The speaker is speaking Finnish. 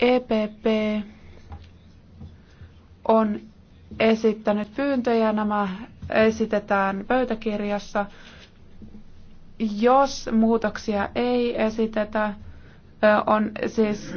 EPP on esittänyt pyyntöjä, nämä esitetään pöytäkirjassa. Jos muutoksia ei esitetä, on siis